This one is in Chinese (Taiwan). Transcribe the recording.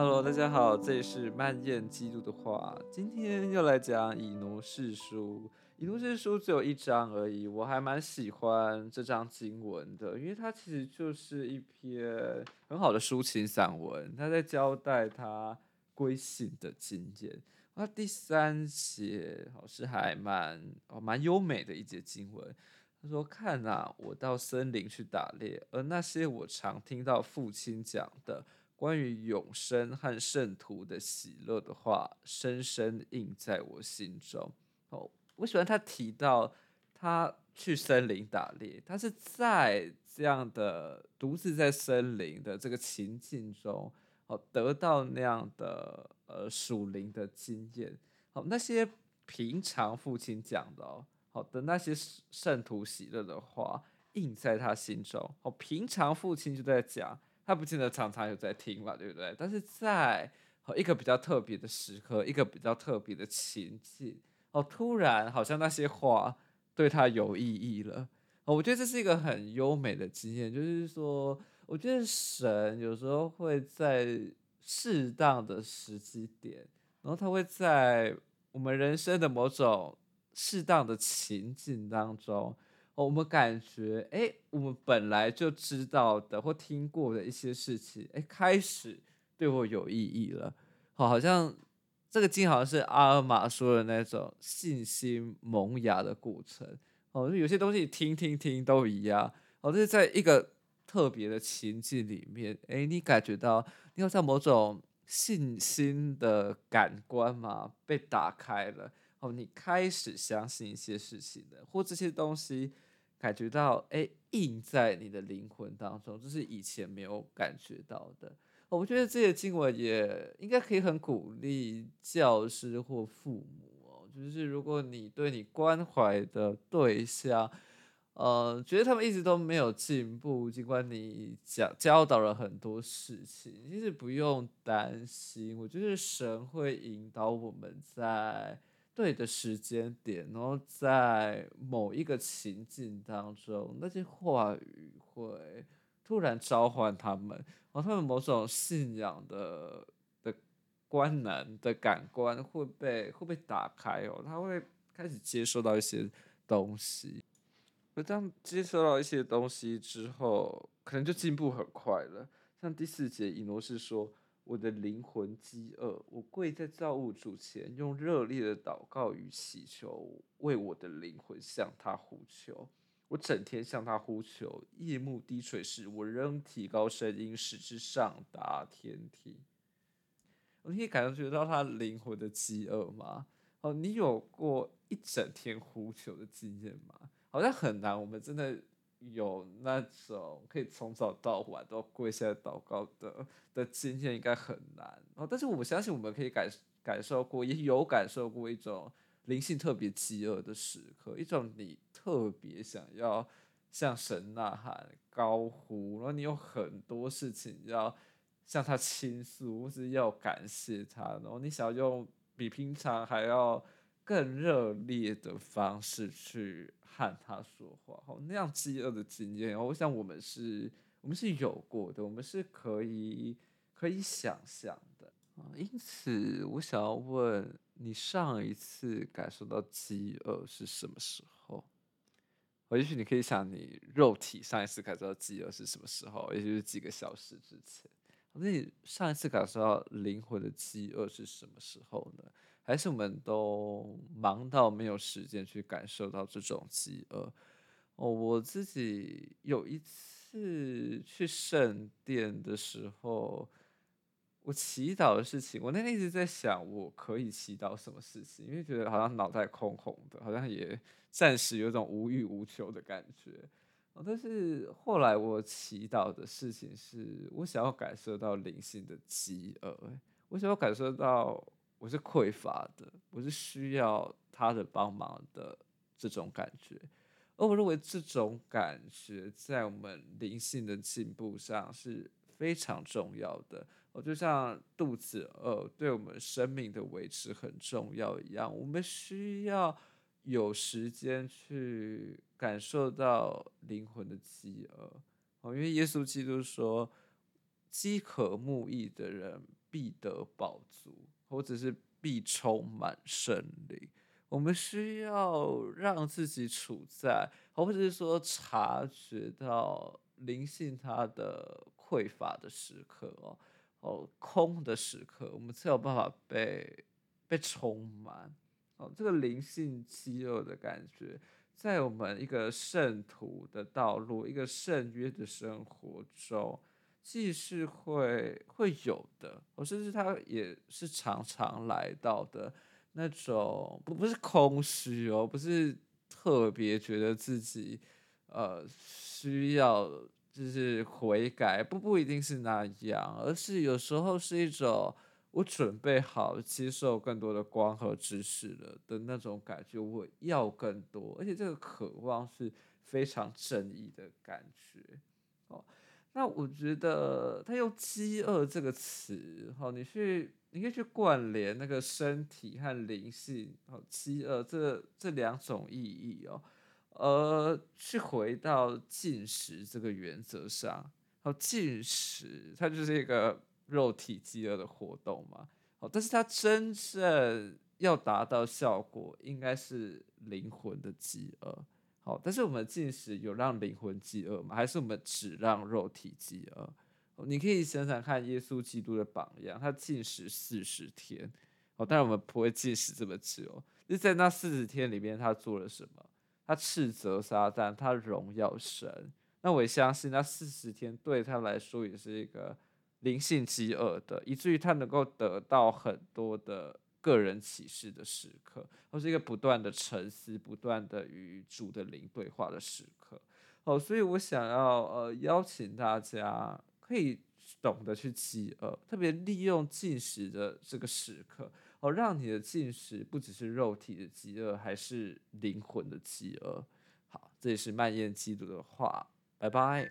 Hello，大家好，這裡是曼燕記錄的話，今天又來講《以挪士書》。《以挪士書》只有一章而已，我還蠻喜歡這章經文的，因為它其實就是一篇很好的抒情散文。它在交代他歸信的經驗，啊，第三節好像還蠻哦蠻優美的一節經文。他說：“看吶、啊，我到森林去打獵，而那些我常聽到父親講的。”關於永生和聖徒的喜樂的話，深深印在我心中。哦，我喜歡他提到他去森林打獵，他是在這樣的獨自在森林的這個情境中，哦，得到那樣的呃屬靈的經驗。哦，那些平常父親講的，好的那些聖徒喜樂的話，印在他心中。哦，平常父親就在講。他不見得常常有在聽嘛，對不對？但是在一個比較特別的時刻，一個比較特別的情境，哦，突然好像那些話對他有意義了。我覺得這是一個很優美的經驗，就是說，我覺得神有時候會在適當的時機點，然後他會在我們人生的某種適當的情境當中。我們感覺誒，我們本來就知道的或聽過的一些事情，哎，開始對我有意義了。哦，好像這個經好像是阿爾瑪說的那種信心萌芽的過程。哦，有些東西聽聽聽都一樣，好像是在一個特別的情境裡面，誒你感覺到，你好像某種信心的感官嘛被打開了。哦，你開始相信一些事情了或這些東西。感覺到哎，印在你的靈魂當中，這是以前沒有感覺到的。我覺得這些經文也應該可以很鼓勵教師或父母，哦，就是如果你對你關懷的對象，呃，覺得他們一直都沒有進步，儘管你教教導了很多事情，其實不用擔心，我覺得神會引導我們在。對的時間點，然後在某一個情境當中，那些話語會突然召喚他們，然、哦、後他們某種信仰的的官能的感官會被會被打開哦，他會開始接收到一些東西。那這樣接收到一些東西之後，可能就進步很快了。像第四節以羅是說。我的靈魂飢餓，我跪在造物主前，用熱烈的禱告與祈求，為我的靈魂向他呼求。我整天向他呼求，夜幕低垂時，我仍提高聲音，使之上達天庭。你可以感受到他靈魂的飢餓嗎？哦，你有過一整天呼求的經驗嗎？好像很難，我們真的。有那種可以從早到晚都跪下禱告的的，今天應該很難哦。但是我相信我們可以感感受過，也有感受過一種靈性特別飢餓的時刻，一種你特別想要向神吶喊、高呼，然後你有很多事情要向他傾訴，或是要感謝他，然後你想要用比平常還要。更熱烈的方式去和他說話，哦，那樣飢餓的經驗，我想我們是，我們是有過的，我們是可以可以想象的。因此，我想要問你，上一次感受到飢餓是什麼時候？也許你可以想，你肉體上一次感受到飢餓是什麼時候，也就是幾個小時之前。那你上一次感受到靈魂的飢餓是什麼時候呢？還是我們都忙到沒有時間去感受到這種飢餓。哦，我自己有一次去聖殿的時候，我祈禱的事情，我那天一直在想我可以祈禱什麼事情，因為覺得好像腦袋空空的，好像也暫時有種無欲無求的感覺。哦，但是後來我祈禱的事情是我，我想要感受到靈性的飢餓，我想要感受到。我是匱乏的，我是需要他的幫忙的這種感覺，而我認為這種感覺在我們靈性的進步上是非常重要的。我就像肚子餓對我們生命的維持很重要一樣，我們需要有時間去感受到靈魂的飢餓。因為耶穌基督說：“飢渴慕義的人必得飽足。”或者是必充滿聖靈，我們需要讓自己處在，或者是說察覺到靈性它的匱乏的時刻哦，哦空的時刻，我們才有辦法被被充滿哦。這個靈性飢餓的感覺，在我們一個聖徒的道路，一個聖約的生活中。既是會會有的，我甚至他也是常常來到的，那種不不是空虛哦，不是特別覺得自己呃需要就是悔改，不不一定是那樣，而是有時候是一種我準備好接受更多的光和知識了的那種感覺，我要更多，而且這個渴望，是非常正義的感覺哦。那我覺得他用“飢餓”這個詞，好，你去，你可以去關聯那個身體和靈性，好，飢餓這個、這兩種意義哦，呃，去回到禁食這個原則上，好，禁食它就是一個肉體飢餓的活動嘛，好，但是它真正要達到效果，應該是靈魂的飢餓。哦，但是我們禁食有讓靈魂飢餓嗎？還是我們只讓肉體飢餓？你可以想想看，耶穌基督的榜樣，他禁食四十天。哦，當然我們不會禁食這麼久。那在那四十天裡面，他做了什麼？他斥責撒旦，他榮耀神。那我也相信，那四十天對他來說也是一個靈性飢餓的，以至於他能夠得到很多的。個人啟示的時刻，它、哦、是一個不斷的沉思、不斷的與主的靈對話的時刻。好、哦，所以我想要呃邀請大家，可以懂得去飢餓，特別利用進食的這個時刻，好、哦，讓你的進食不只是肉體的飢餓，還是靈魂的飢餓。好，這也是曼艷基督的話。拜拜。